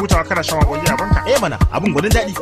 hutawa kana shan waƙoƙi a banka eh mana abin gwanin daɗi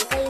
Yeah.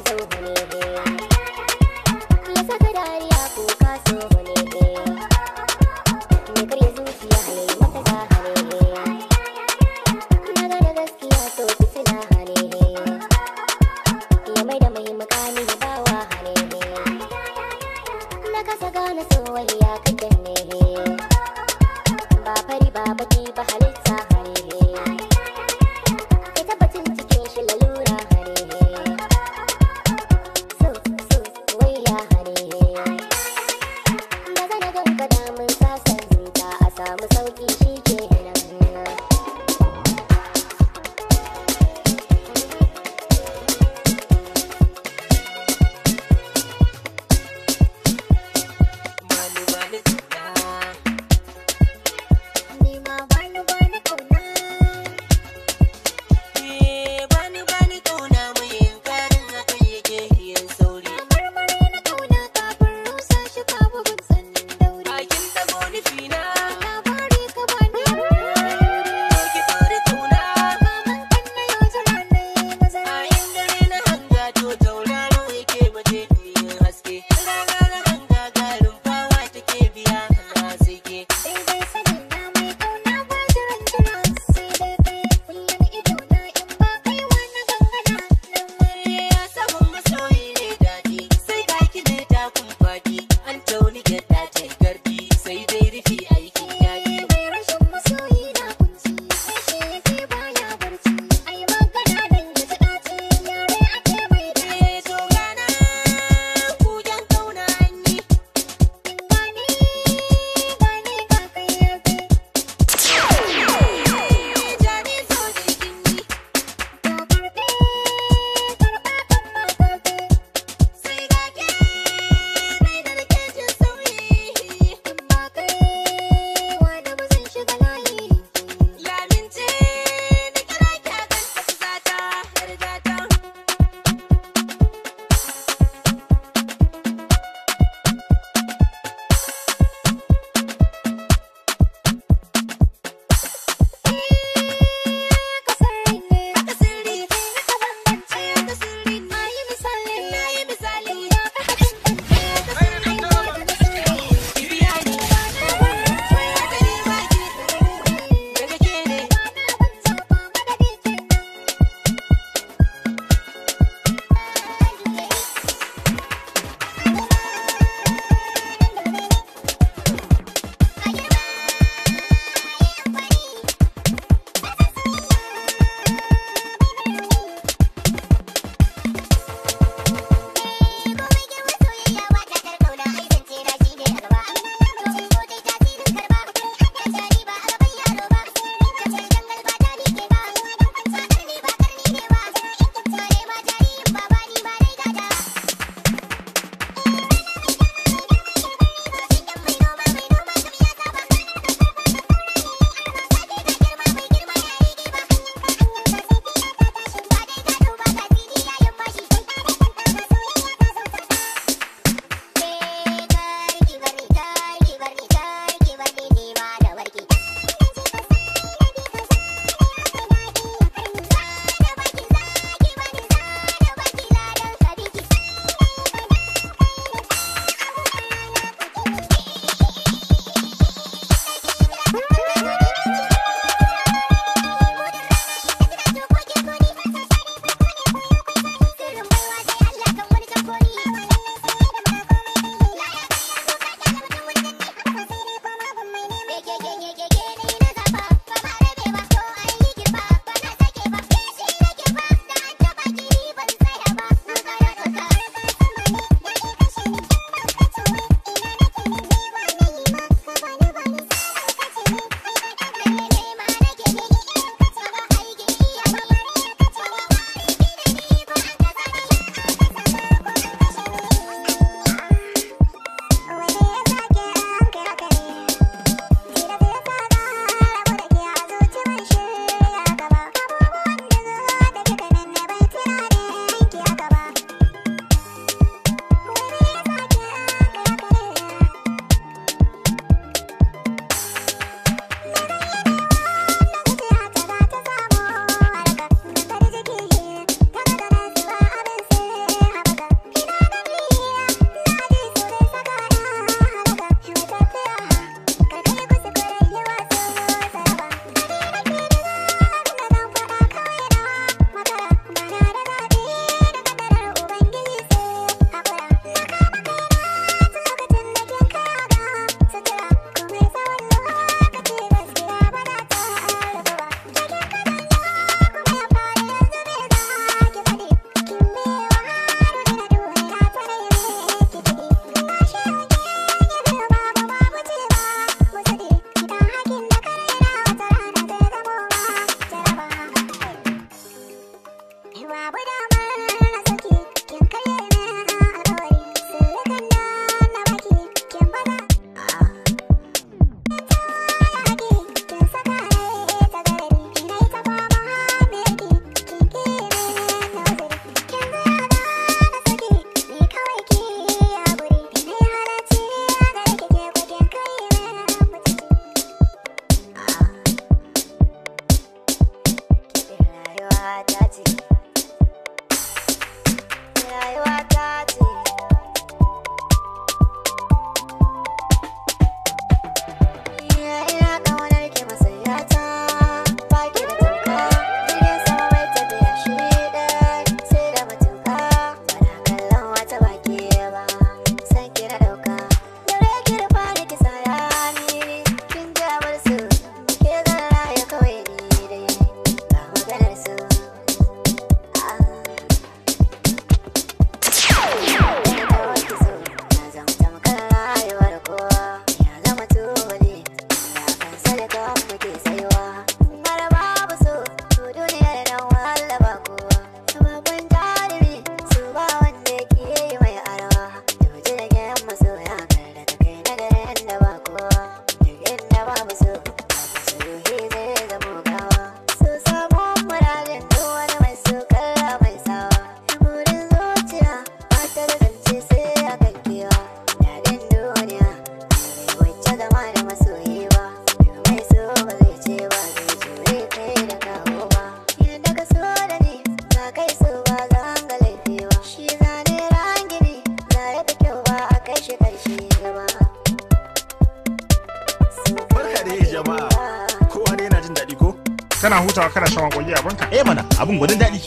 sawa kana shawan a banka. eh mana abin gwanin daɗi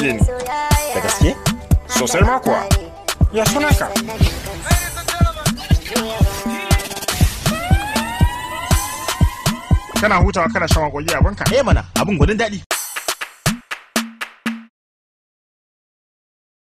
burge ni da gaske sosai ma kuwa ya suna ka kana hutawa kana shan a banka eh mana abin gudun daɗi